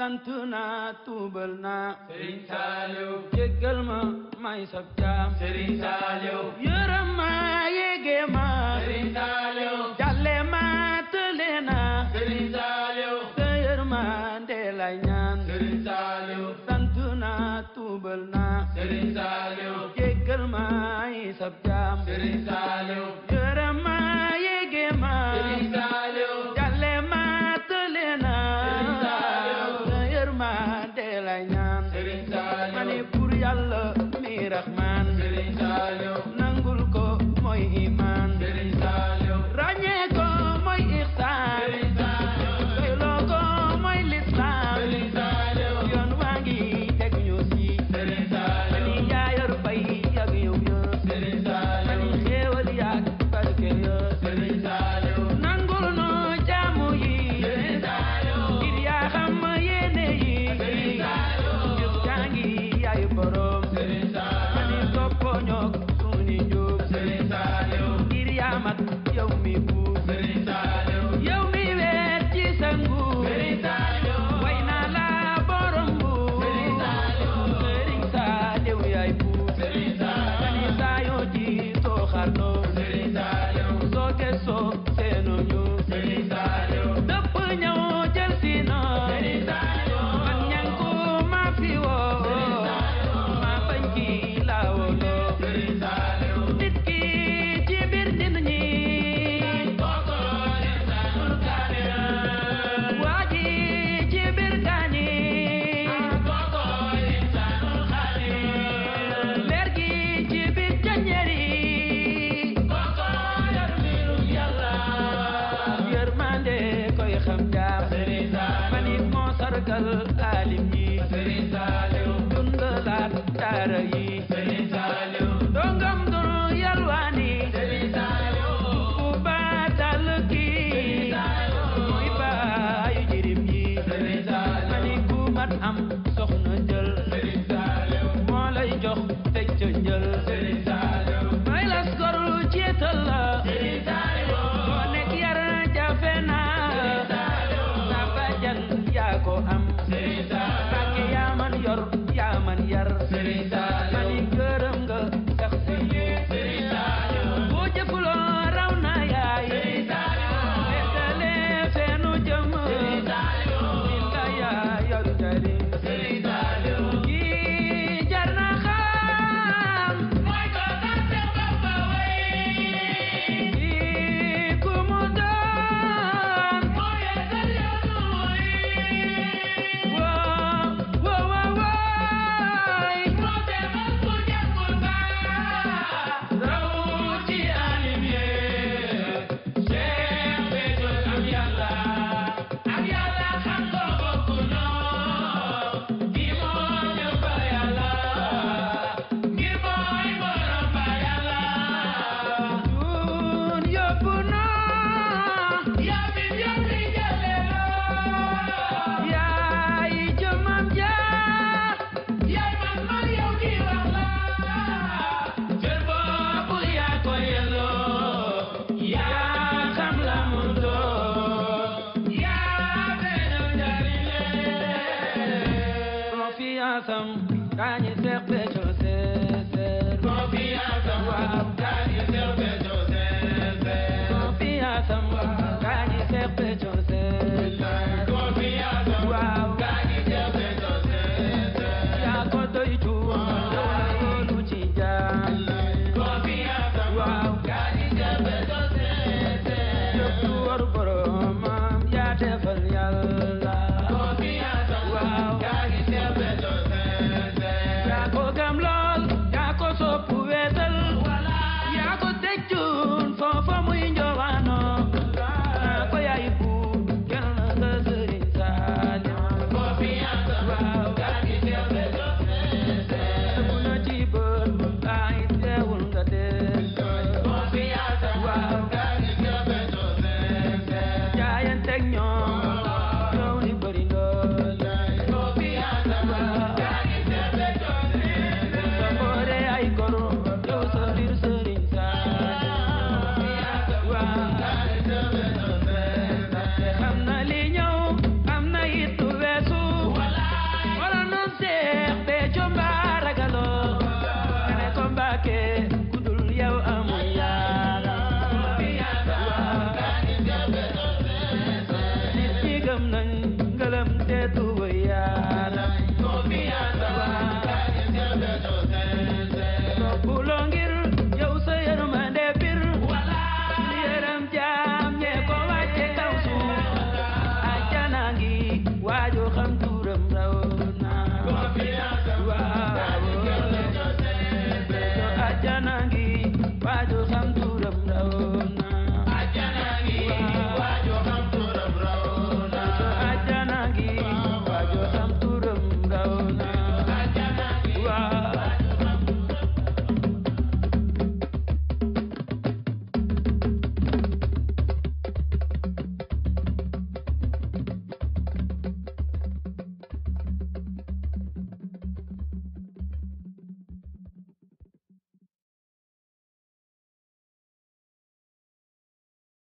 santuna tuubal naa sëriñ Saaliw jéggal ma may sab jaam sëriñ Saaliw yërëm ma yéege ma jàlle santuna tuubal naa sëriñ Saaliw jéggal ma may sab yërmande lay ñaan mani pour yàlla mi rahmaan dog. i alim yi sëriñ Saaliw dundalaat Adam. Um, Why do